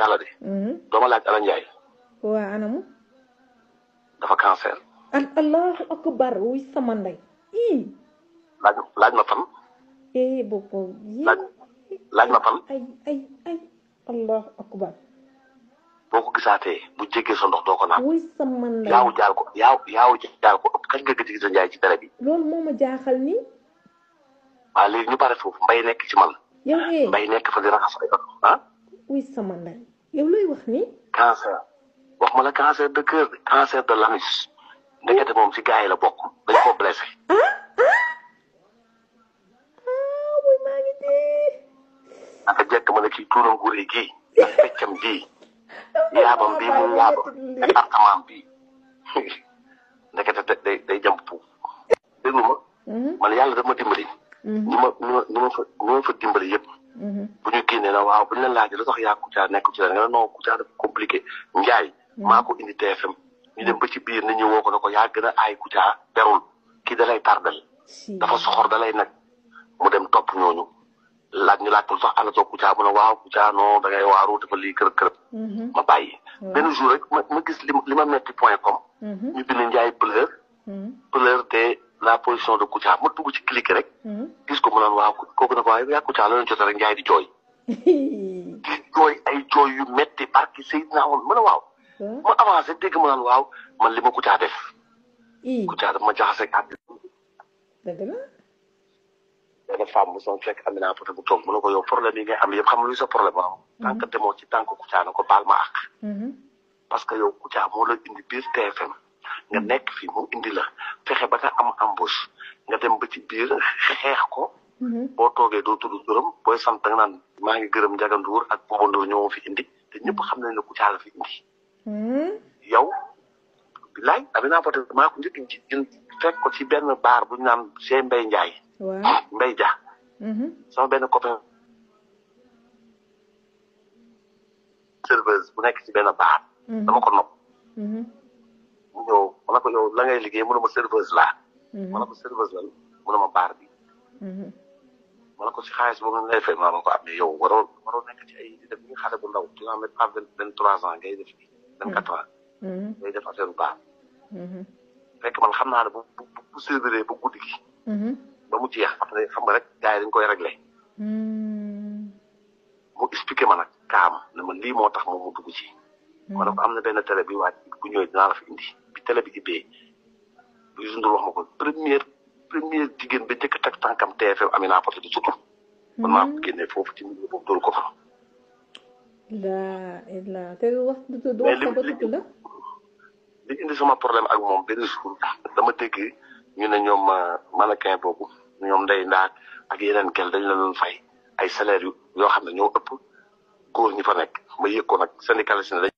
yàlla de. Mm-hmm. dooma laaj Ala Ndiaye. waa anamu. dafa cancer. allahu akbar wuy sama ndey. Eh, laaj laaj ma fan. ay ay ay allahu akbar. boo ko gisaatee bu jéggee soo ndox doo ko naan. wuy sama yaaw jaal ko yaaw yaaw jaal ko kañ nga gëj gis njaay ci dara bi. loolu moo ma jaaxal ni. waa léegi ñu pare foofu mbay nekk ci man. yow eh. mbay nekk fa di raxas ay ah. uy sama yow looy wax ni cancer wax ma la cancer de cœur bi cancer de l'anus ndekete moom si gars yi la bokk dañ ko blessé ah ah muy ah, maa jekk ma ne kii tuuram gure gii ak feccam bii yaabam bii mu yaaba département bii ndekete day day jàmp puuf ma mm-hmm. man yàlla dama dimbali ñu mm-hmm. ma ñu ma fa ñu fa dimbali yëpp Mm-hmm. bu ñu génnee na waaw bu ñu la laajee lu tax yaa Kouthia nekk ci la compliqué Ndiaye mm-hmm. maa ko indi TFM ñu dem ba ci biir nit ñi woo ko ne ko yaa gën a aay Kouthia berul kii dalay tardel dafa soxor dalay nag mu dem topp ñooñu laaj ñu laaj ko lu tax àndatoo Kouthia mu ne waaw Kouthia non da ngay waaru dafa lii kërëb kërëb mm-hmm. ma bàyyi benn jour rek ma gis li ma metti point com ñu bind Ndiaye pleure position de Kouthia ma dugg ci clique rek. Hmm. gis ko mu naan waaw kooku nag waaye yaa Kouthia loolu jot rek Ndiaye di jooy. di jooy ay jooy yu metti barki Seydina woon ma ne waaw. Hmm? ma avancé dégg ma naan waaw man li ma Kouthia def. Kouthia daf ma jaxase ak. dëgg la. benn femme bu soog fekk Amina Poté bu toog mu ne ko yow problème yi ngay am yëpp xam lu sa problème am. Hmm. tant que demoo ci baal ma àq. parce que yow Kouthia moo la indi biir TFM nga nekk fii mu indi la. fexe nga am embauche nga dem ba ci biir xeex ko. Mm-hmm. boo toogee doo tudd gërëm booy sant da nga naan maa ngi gërëm Ndiaga Ndour ak Bouba fi indi te ñëpp xam nañ ne ku caala fi indi. Mm-hmm. yow bilaay Amina Poté maa ko njëkk ci ko ci benn baar bu ñu naan chez Mbaye Ndiaye. waaw Mbaye Dia. Mm-hmm. sama benn copain. serveuse bu nekk ci benn baar. dama ko nopp. ma ne ko yow la liggéey mënuma serveuse laa. Mhm. ma serveuse la mënuma baar bi. Mhm. ma ne ko xaalis boobu ngay fay ma ne ko ah, bu ndaw tu nga xam ne pas vingt trois ans mhm. baar. fekk man xam naa ne bu bu bu serviré ba xam nga rek gars dañ koy réglé. mu expliqué ma nag ne ma lii moo tax ne ko am benn télé bi waaj bu ñëwee dinaa indi. télé bi ubbee Youssou Ndour wax ma ko première première jigéen ba njëkk teg tànkam TFM Amina Poté di tudd. man hmm. maa ko génnee foofu ci milieu boobu dóor ko fa. la la te wax du wax sa bët la. li indi sama problème ak moom benn dama dégg ñu ne ñoom euh, mannequin boobu ñoom ndey ndaat ak yeneen kel dañ la doon fay ay salaire yoo xam ne ñoom ëpp góor ñi fa nekk ma yëg ko nag syndicaliste